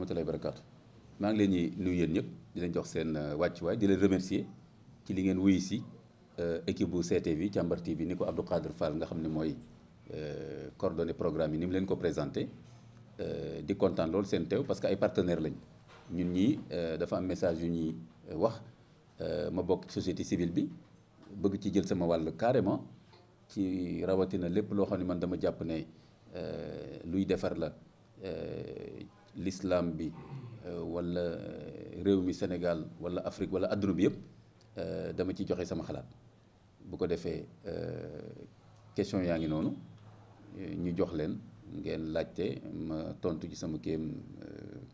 rahmatullahi barakaatu maa ngi leen ñuy nuyu yéen ñëpp di leen jox seen wàcc euh, wàccuwaay di leen remercier ci li ngeen wuyu si euh, équipe bu CTV Càmbar TV ni ko Abdou Khadre Fall nga xam ne mooy euh, coordonné programme yi ni mu leen ko présenté di kontaan loolu seen teew parce que ay partenaires lañ ñun ñii dafa am message yu ñuy wax ma bokk société civile bi bëgg ci jël sama wàll carrément ci rawatina lépp loo xam ne man dama jàpp ne luy defar la lislaam bi euh, wala euh, réew mi Sénégal wala Afrique wala adduna bi yëpp euh, dama ci joxe sama xalaat bu ko defee question yaa ngi noonu ñu jox leen ngeen laajte ma tontu ci sama kéem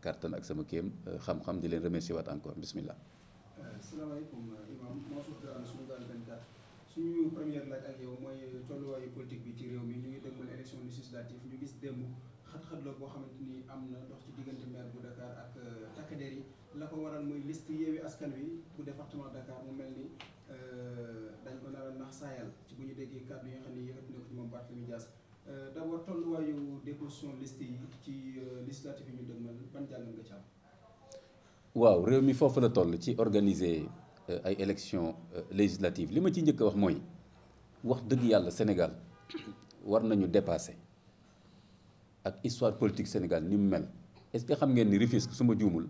kàttan ak sama kéem xam-xam di leen remercier waat encore bismillah. asalaamaaleykum Imaam première laaj ak mooy tolluwaayu politique bi ci réew mi ñu ngi déglu élection législative ñu gis démb. xat-xat la boo ni am na dox ci diggante maire bu Dakar ak euh, takk der yi la ko waral muy liste Yewwi Askan Wi bu département Dakar mu mel ni euh, dañ ko nar nax saayal ci bu ñu déggee kàddu yi nga xam ne yëkkati na euh, yi ci législative yi ñu dëgmal ban jàngat nga ci waaw réew mi foofu la toll ci organiser ay élections législatives li ma ci njëkk a wax mooy wax dëgg yàlla Sénégal war nañu dépasé ak histoire politique Sénégal ni mu mel est-ce que xam ngeen ni Rufisque suma ma juumul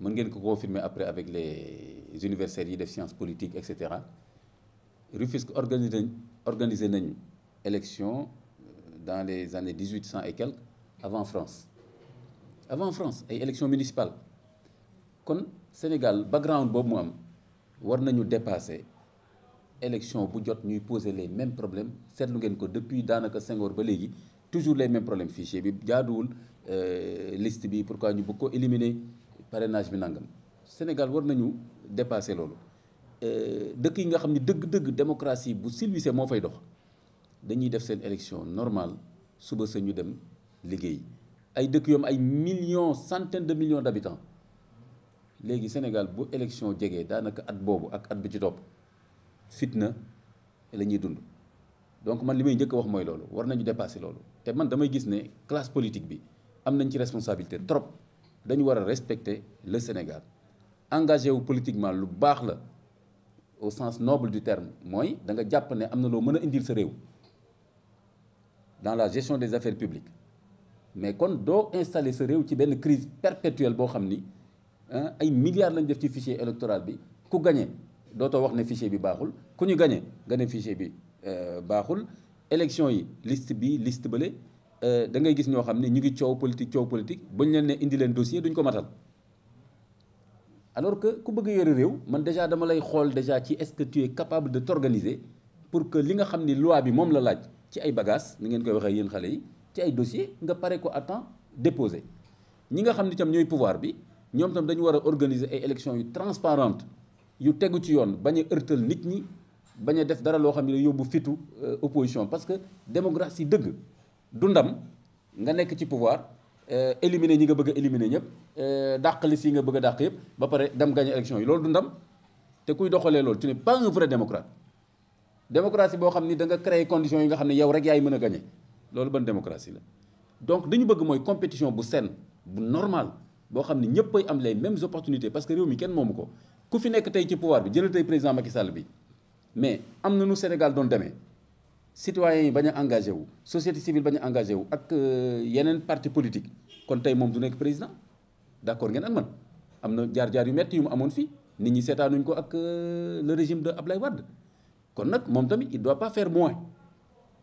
mën ngeen ko confirmer après avec les universitaires yi def sciences politiques et cetera Rufisque organisé organisé nañu élection euh, dans les années dix huit cent et quelques avant France avant France ay élection municipale kon Sénégal background boobu mu am war nañu dépasser élection bu jot ñuy poser les mêmes problèmes seetlu ngeen ko depuis daanaka Senghor ba léegi toujours les mêmes problèmes fichier bi jaaduwul euh, liste bi pour pourquoi ñu bëgg ko éliminer parrainage bi nangam Sénégal war nañu dépasser loolu euh, dëkk yi nga xam ne dëgg-dëgg démocratie bu civilisée moo fay dox dañuy def seen élection normale suba sa ñu dem liggéey ay dëkk yoom ay millions centaines de millions d'habitants léegi Sénégal bu élection jegee daanaka at boobu ak at bi ci topp fitna la ñuy dund donc man li may njëkk wax mooy loolu war nañu dépasser loolu te man damay gis ne classe politique bi am nañ ci responsabilité trop dañu war a respecter le Sénégal engagé wu politiquement lu baax la au sens noble du terme mooy danga jàpp ne am na loo mën a indil sa réew dans la gestion des affaires publiques mais kon doo installer sa réew ci benn crise perpétuelle boo xam ni ay milliards lañ def ci fichier électoral bi ku gagné dootoo wax ne fichier bi baaxul ku ñu gagné nga ne fichier bi. Euh, baaxul élection yi liste bi liste bële euh, da ngay gis ñoo xam ne ñu ngi coow politique coow politique ba ñu leen ne indi leen dossier duñ ko matal alors que ku bëgg yore réew man déjà dama lay xool déjà ci est-ce que tu es capable de t'organiser pour que li nga xam ni loi bi moom la laaj ci ay bagages ni ngeen koy waxee yéen xale yi ci ay dossiers nga pare ko à temps déposé ñi nga xam ni tam ñooy pouvoir bi ñoom tam dañu war a organiser ay élections yu transparentes yu tegu ci yoon bañ a ñi. bañ a def dara loo xam ne yóbbu fitu euh, opposition parce que démocratie dëgg du ndam nga nekk ci pouvoir euh, éliminer ñi nga bëgg a éliminer ñëpp euh, dàq li si nga bëgg a dàq yëpp ba pare dem gagné élection yi loolu du ndam te kuy doxalee loolu tu n'es pas un vrai démocrate démocratie boo xam ni da nga créer conditions yi nga xam ne yow rek yaay mën a gagné loolu ban démocratie la donc dañu bëgg mooy compétition bu saine bu normal boo xam ne ñëpp ay am les mêmes opportunités que réew mi ko ku nekk tey ci pouvoir bi jëlal tey président Sall bi mais am na nu Sénégal doon demee citoyens yi bañ a engagé wu société civile bañ a engagé wu ak euh, yeneen parti politique kon tey moom du nekk président d'accord ngeen ak man am na jaar-jaar yu metti yu mu amoon fii nit ñi seetaanuñ ko ak euh, le régime de Ablaye Wade kon nag moom tamit il doit pas faire moins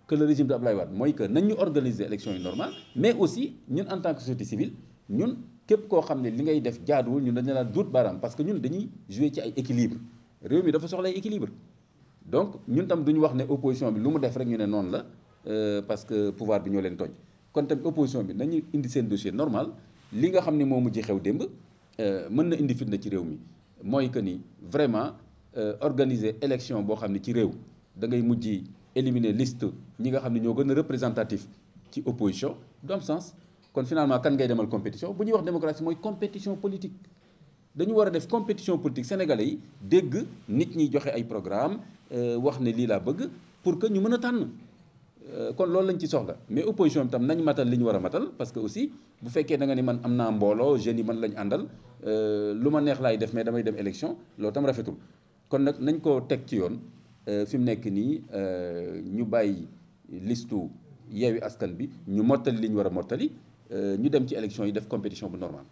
que le régime de Ablaye Wade mooy que nañ ñu organiser élection yu normale mais aussi ñun en tant que société civile ñun képp koo xam ne li ngay def jaaduwul ñun dañu la duut baaraam parce que ñun dañuy jouer ci ay équilibre réew mi dafa soxla ay donc ñun tam du wax ne opposition bi lu mu def rek ñu ne noonu la euh, parce que pouvoir bi ñoo leen tooñ kon tamit opposition bi nañu indi seen dossier normal li nga xam ne moo mujj xew démb euh, mën na indi fitna ci réew mi mooy que ni vraiment euh, organiser élection boo xam ne ci réew da ngay mujj éliminer list ñi nga xam ni ñoo gën a représentatif ci opposition du am sens kon finalement kan ngay demal compétition bu ñuy wax démocratie mooy compétition politique dañu war a def compétition politique sénégalais yi dégg nit ñi joxe ay programme euh, wax ne lii laa bëgg pour que ñu mën a tànn euh, kon loolu lañ ci soxla mais opposition bi tam nañ matal li ñu war a matal parce que aussi bu fekkee da nga ne man am naa mbooloo jeunes yi man lañ àndal euh, lu ma neex laay def mais damay dem élection loo tam rafetul kon nag nañ ko teg ci yoon fi mu nekk nii ñu bàyyi listu yeewi askan bi ñu mottali li ñu war a mottali ñu dem ci élection yi def compétition bu normal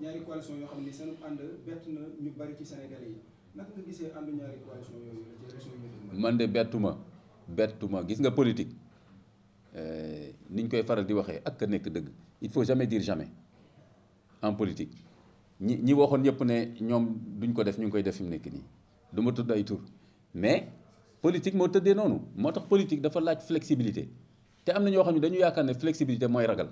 ñaari coalition yoo xam ne seen ànd bett ñu bari ci Sénégalais yi naka man de bettuma bettuma gis nga politique eh, ni ñu koy faral di waxee ak ka nekk dëgg il faut jamais dire jamais en politique ñi ñi waxoon ñëpp ne ñoom duñ ko def ñu ngi koy def fi mu nekk nii du tudd ay tur mais politique moo tëddee noonu moo tax politique dafa laaj flexibilité te am na ñoo xam ne dañu yaakaar ne flexibilité mooy ragal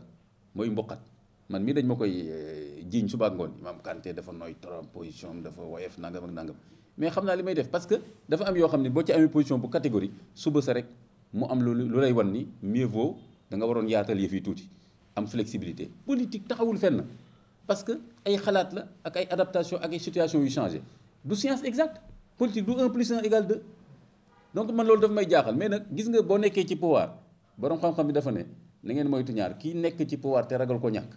mooy mboqat man mii dañ ma koy eh, jiiñ suba ak ngoon Imam Kanté dafa nooy trop position am dafa woyof nangam ak nangam mais xam naa li may def parce que dafa am yoo xam ne boo ci amee position bu catégorie suba sa rek mu am lu lay wan ni mieux vaut danga waroon yaatal yëf yi tuuti am flexibilité politique taxawul fen parce que ay xalaat la ak ay adaptation ak ay situation yu changé du science exacte politique du 1 plus 1 égale donc man loolu daf may jaaxal mais nag gis nga boo nekkee ci pouvoir borom xam-xam dafa ne na ngeen moytu ñaar kii nekk ci pouvoir te ragal ko ñàkk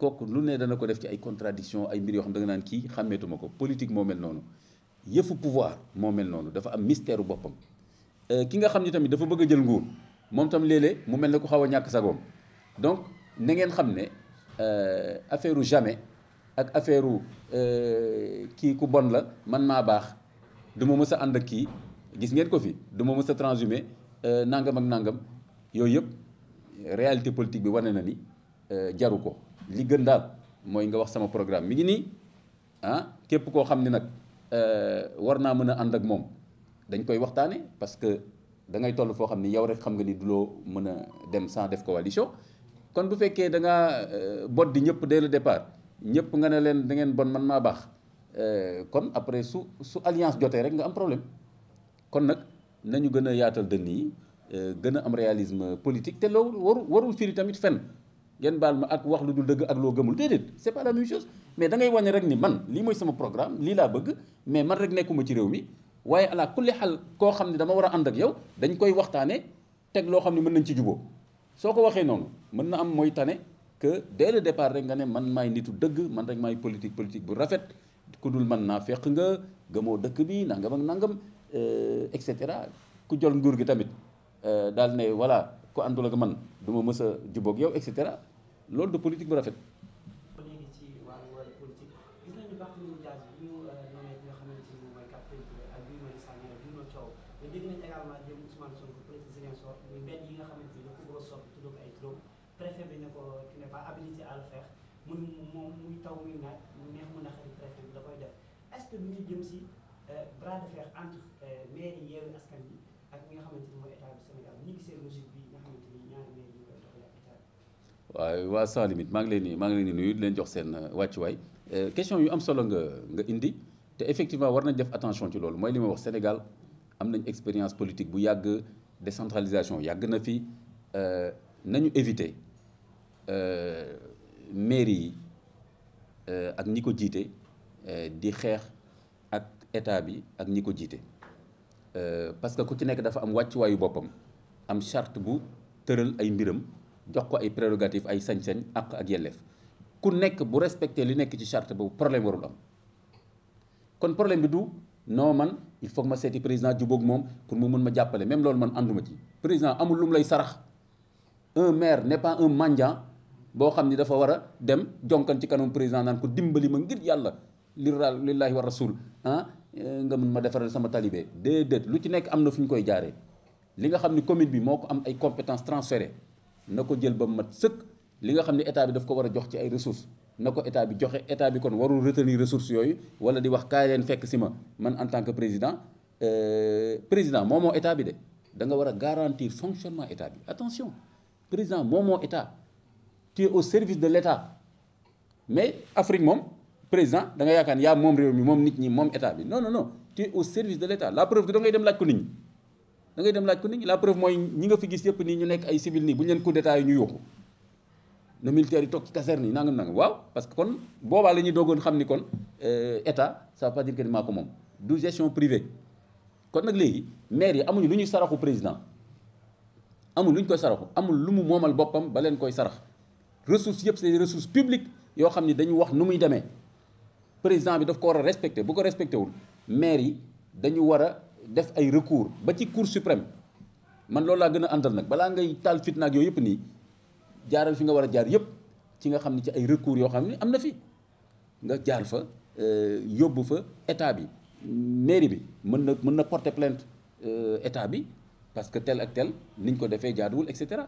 kooku lu ne dana ko def ci ay contradiction ay mbir yoo xam da naan kii xàmmeetuma ko politique moo mel noonu yëfu pouvoir moo mel noonu dafa am mystère boppam euh, ki nga xam ni tamit dafa bëgg jël nguur moom tam léeg-léeg mu mel ne ku xaw a ñàkk sagoom donc na ngeen xam ne euh, affaire u jamais ak affaire u euh, kii ku bon la man maa baax du ma a ànd ak kii gis ngeen ko fi du mës a transhumé nangam ak nangam yooyu yëpp réalité politique bi wane na ni jaru ko li gën daal mooy nga wax sama programme mi ngi nii ah képp koo xam ne nag euh, war naa mën a ànd ak moom dañ koy waxtaane parce que da ngay toll foo xam ni yow rek xam nga ni du loo mën a dem sans def coalition kon bu fekkee da ngaa euh, bot di ñëpp dès le départ ñëpp nga ne leen da ngeen bon man maa baax euh, kon après su su alliance jotee rek nga am problème kon nag nañu gën a yaatal dënn yi gën a am réalisme politique te loolu waru warul firi tamit fen ngeen baal ma ak wax lu dul dëgg ak loo gëmul déedéet c'est pas la même chose mais dangay ngay wàññi rek ni man lii mooy sama programme lii laa bëgg mais man rek nekkuma ci réew mi waaye ala kulli xal koo xam ne dama war a ànd ak yow dañ koy waxtaanee teg loo xam ne mën nañ ci juboo soo ko waxee noonu mën na am mooy tane que dès le départ rek nga ne man maay nitu dëgg man rek maay politique politique bu rafet ku dul man naa fekk nga gëmoo dëkk bi nangam ak nangam euh, et cetera ku jël nguur gi tamit euh, daal ne voilà ku àndul ak man du ma mës a jubóog yow cetera loolu de politique bu rafet. préfet bi ne ko tu n'es pas habilité à le faire muy moom muy taw muy naaj neex mu na xarit préfet bi da koy def est-ce que ñu ngi jëm si euh, bras de fer entre euh, maire yi Yewwi Askan Wi ak ñi nga xamante ni mooy état du Sénégal ñu gisee logique bi waaw waa sans limite maa ngi leen di maa ngi leen di nuyu di leen jox seen euh, wàccuwaay euh, question yu am solo nga nga indi te effectivement war nañ def attention ci loolu mooy li ma wax Sénégal am nañ expérience politique bu yàgg décentralisation yàgg na fi euh, nañu éviter mairie yi ak ñi ko jiite di xeex ak état bi ak ñi ko jiite parce que ku ci nekk dafa am wàccuwaayu boppam am charte bu tëral ay mbiram. jox ko ay prérogative ay sañ-sañ àq ak yelleef ku nekk bu respecté li nekk ci charte boobu problème warul am kon problème bi du non man il faut ma seeti président jubóog moom pour mu mën ma jàppale même loolu man ànduma ci président amul lu mu lay sarax un maire n'est pas un mendiant boo xam ni dafa war a dem jonkan ci kanam président naan ko dimbali ma ngir yàlla li war wa rasul ah eh, nga mun ma defaral sama talibé déedéet lu ci nekk am na fu ñu koy jaaree li nga xam ni commune bi moo ko am ay compétences transférées na ko jël ba mu mat sëkk li nga xam ne état bi daf ko war a jox ci ay ressource na ko état bi joxe état bi kon warul retenir ressources yooyu wala di wax kaay leen fekk si ma man en tant que président euh, président moom moo état bi de da nga war a garantir fonctionnement état bi attention président moom moo état tu au service de létat état mais Afrique moom président da nga yaakaar yaa moom réew mi moom nit ñi moom état bi non non non tu au service de l' état la preuve que da dem laaj ko nit ñi. da ngay dem laaj ko nit ñi la preuve mooy ñi nga fi gis yëpp nii ñu nekk ay civil nii bu ñu leen coup d'état yi ñu yóbbu na militaire yi toog ci caserne yi nangam nangam waaw parce que kon boobaa la ñuy doogoon xam ni kon euh, état ça veut pas dire que maa ko moom du gestion privée kon nag léegi maire yi amuñu lu ñuy saraxu président amul lu ñu koy saraxu amul lu mu moomal boppam ba leen koy sarax ressources yëpp c'est ressources publiques yoo xam ni dañu wax nu muy demee président bi daf ko war a respecté bu ko respecté wul maire yi dañu war a def ay recours ba ci cour suprême man loolu laa gën a àndal nag balaa ngay taal fitna ak yooyu yëpp nii jaaral fi nga war a jaar yëpp ci nga xam ne ci ay recours yoo xam ne am na fi nga jaar fa euh, yóbbu fa état bi mairie bi mën na mën na porter plainte euh, état bi parce que tel ak tel niñ ko defee jaaduwul et cetera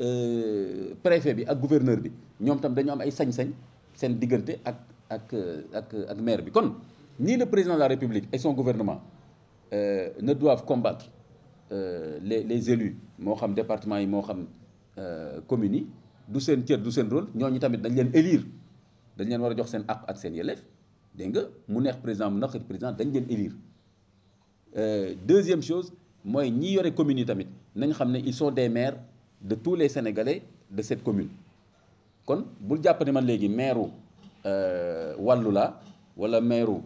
euh, préfet bi ak gouverneur bi ñoom tamit dañu am ay sañ-sañ seen diggante ak ak ak ak maire bi kon nii le président de la république et son gouvernement Euh, ne doivent combattre euh, les les élus moo xam département yi moo xam euh, communes yi du seen cër du seen rôle ñooñu tamit dañ leen élire dañ leen war a jox seen àq ak seen yelleef dégg nga mu neex président mu naqari président dañ leen élire deuxième chose mooy ñi yore communes yi tamit nañ xam ne ils sont des maires de tous les sénégalais de cette commune kon bul jàpp ne man léegi maireu wàllu la wala maireu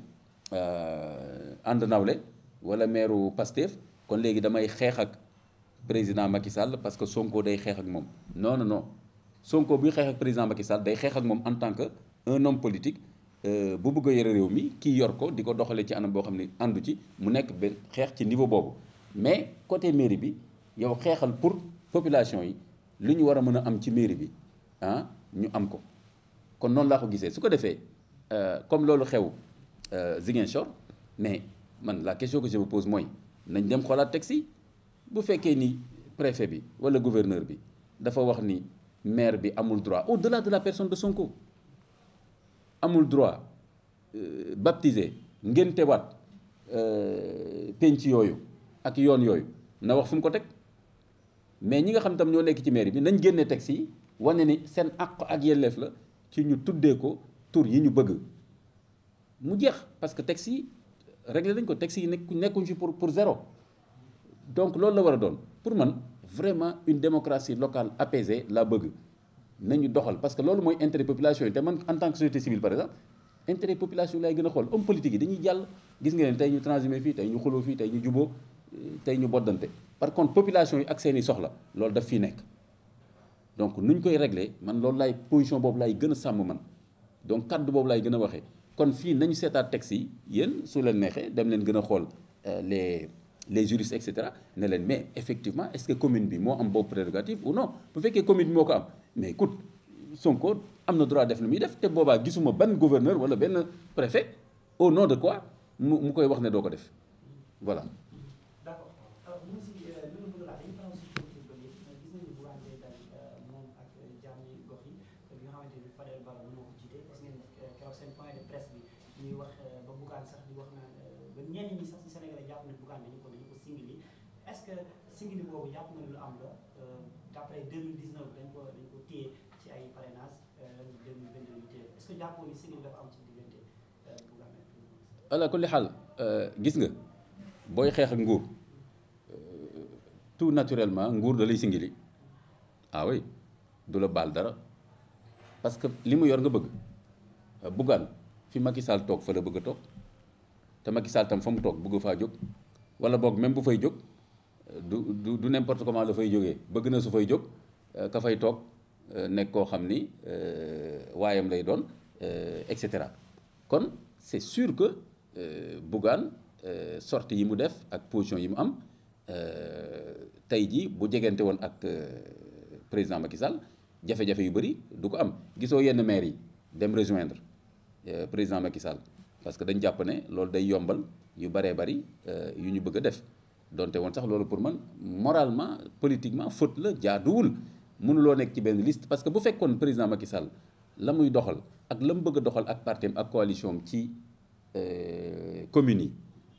ànd nawle wala meeru Pastef kon léegi damay xeex ak président Macky Sall parce que Sonko day xeex ak moom noonu non non Sonko buy xeex ak président Macky Sall day xeex ak moom en tant que un homme politique euh, bu bëgg yore réew mi kii yor ko di ko doxalee ci anam boo xam ni àndu ci mu nekk benn xeex ci niveau boobu mais côté mairie bi yow xeexal pour population yi lu ñu war a mën a am ci mairie bi ah ñu am ko kon noonu laa ko gisee su ko defee euh, comme loolu xew euh, Ziguinchor mais. man la question que je me pose mooy nañ dem xoolaat texte yi bu fekkee ni préfet bi wala gouverneur bi dafa wax ni maire bi amul droit au delà de la personne de Sonko amul droit euh, baptiser ngéntewaat euh, penc yooyu ak yoon yooyu na wax fu ko teg mais ñi nga xam tam ñoo nekk ci maire bi nañ génne texte yi wane ni seen àq ak yelleef la ci ñu tuddee ko tur yi ñu bëgg mu jeex parce que texte yi réglé nañ ko taxes yi nekk nekkuñ ci pour pour zéro donc loolu la war a doon pour man vraiment une démocratie locale apaisée laa bëgg nañu doxal parce que loolu mooy intérêt population yi te man en tant que société civile par exemple intérêt population laay gën a xool homme politique yi dañuy jàll gis nga leen tey ñu transhumé fii tey ñu xuloo fii tey ñu juboo tey ñu boddante par contre population yi ak seen i soxla loolu daf fii nekk donc nuñ koy réglé man loolu laay position boobu laay gën a sàmm man donc kàddu boobu laay gën a waxee kon fii nañu seetaat texte yi yéen su leen meexee dem leen gën a xool euh, les les juristes et cetera ne leen mais effectivement est-ce que commune bi moo am boobu prérogative ou non bu fekkee commune bi moo ko am mais écoute Sonko am na droit def lu muy def te boobaa gisuma ban gouverneur wala benn préfet au non de quoi mu mu koy wax ne doo ko def voilà. simili euh, euh, boobu euh, kulli xaal gis nga booy xeex ak nguur tout naturellement nguur da lay singili ah oui du la baal dara parce que li mu yor nga bëgg buggaan fi Macky toog fa la bëgg a toog te Macky Sall tam fa mu toog bëgg faa jóg wala boog même bu fay jóg. du du du n'importe comment la fay jóge bëgg na su fay jóg euh, ka fay toog euh, nekk koo xam ni euh, waayam lay doon et cetera kon c'est sur que Bougane sortie yi mu def ak position yi mu am tey jii bu jegante woon ak président Macky Sall jafe-jafe yu bëri du ko am gisoo yenn maire yi dem rejoindre président Macky Sall parce que dañ jàpp ne loolu day yombal yu baree bari yu ñu bëgg a def donte woon sax loolu pour man moralement politiquement faute la jaaduwul mënuloo nekk ci benn liste parce que bu fekkoon président Macky Sall la muy doxal ak la mu bëgg a doxal ak parti ak coalition am ci euh, communes yi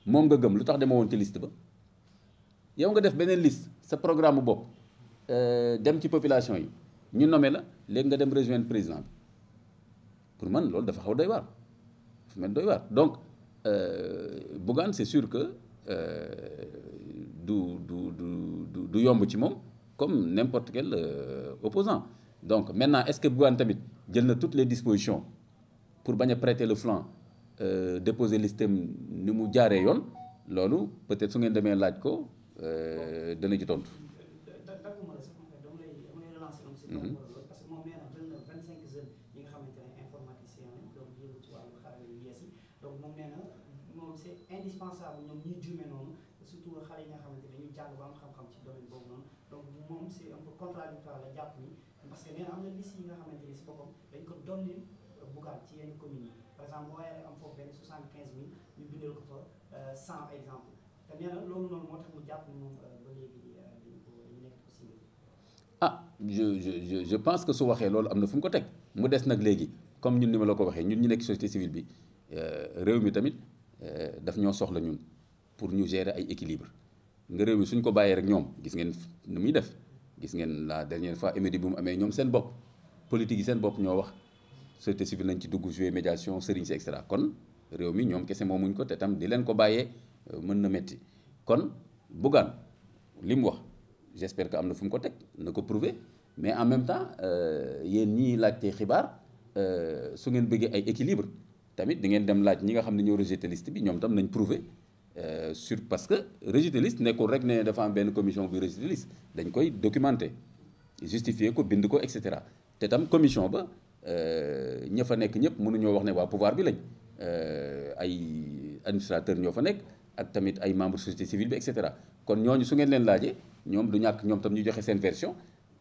moom nga gëm lu tax dema woon ci liste ba yow nga def beneen liste sa programme bopp euh, dem ci population yi ñu nommé la léegi nga dem rejoindre président bi pour man loolu dafa xaw doy waar dafa mel doy waar donc euh, Bougane c'est sûr que du du du du yomb ci moom comme n'importe quel euh, opposant donc maintenant est-ce que Bougane tamit jël na toutes les dispositions pour bañ a prêter le flanc euh, déposer listam ni mu jaaree yoon loolu peut-être su ngeen demee laaj ko euh, dana ji tontu. jàng ba am xam-xam ci noonu donc moom c'est un contradictoire la jàpp ni parce que nee am na liste yi nga xamante ni si boppam dañ ko dolli euh, bugaan ci yenn communes yi par exemple moo waree foofu benn 75000 ñu bindal ko fa 100 euh, exemple te nee loolu noonu moo tax mu jàpp moom euh, ah je je je pense que su waxee loolu am na fu mu ko teg mu des nag léegi comme ñun ni ma la ko waxee ñun ñu nekk société civile bi réew mi tamit daf ñoo soxla ñun pour ñu gérer ay équilibre nga réew mi suñ ko bàyyee rek ñoom gis ngeen ni muy def gis ngeen la dernière fois émédi bu mu amee ñoom seen bopp politique yi seen bopp ñoo wax société nañ ci dugg jouer médiation sëriñ si et kon réew mi ñoom kese moomuñ ko te tam di leen ko bàyyee euh, mën na métti kon Bougane li mu wax j'espère que am na fu mu ko teg na ko prouver mais en même temps euh, yéen ñii laajtee xibaar euh, su ngeen bëggee ay équilibre tamit di ngeen dem laaj ñi nga xam ne ñoo rejeté liste bi ñoom tam nañ prouver Euh, sur parce que rejet de nekkul rek ne dafa am benn commission bu rejet de liste dañ koy documenter justifier ko bind ko et cetera te tam commission ba euh, ña fa nekk ñëpp mënuñoo wax ne waa pouvoir bi lañ euh, ay administrateur ñoo fa nekk ak tamit ay membres société civile bi et cetera kon ñooñu su ngeen leen laajee ñoom du ñàkk ñoom tam ñu joxe seen version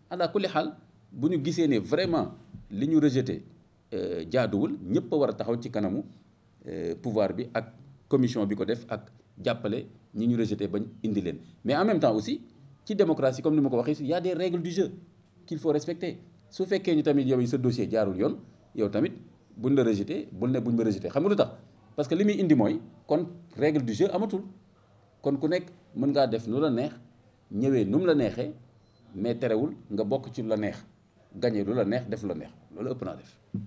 ala kulli xaal bu ñu gisee ne vraiment li ñu rejeté jaaduwul ñëpp war a taxaw ci kanamu pouvoir bi ak commission bi ko def ak. jàppale ñi ñu rejeté bañ indi leen mais en même temps aussi ci démocratie comme ni ma ko waxee il y a des règles du jeu qu'il faut respecter su fekkee ñu tamit yow sa dossier jaarul yoon yow tamit buñ la rejeté bul ne buñ ma rejeté xam nga lu tax parce que li muy indi mooy kon règle du jeu amatul kon ku nekk mën ngaa def nu la neex ñëwee nu mu la neexee mais terewul nga bokk ci la neex gañe lu la neex def la neex loolu ëpp naa def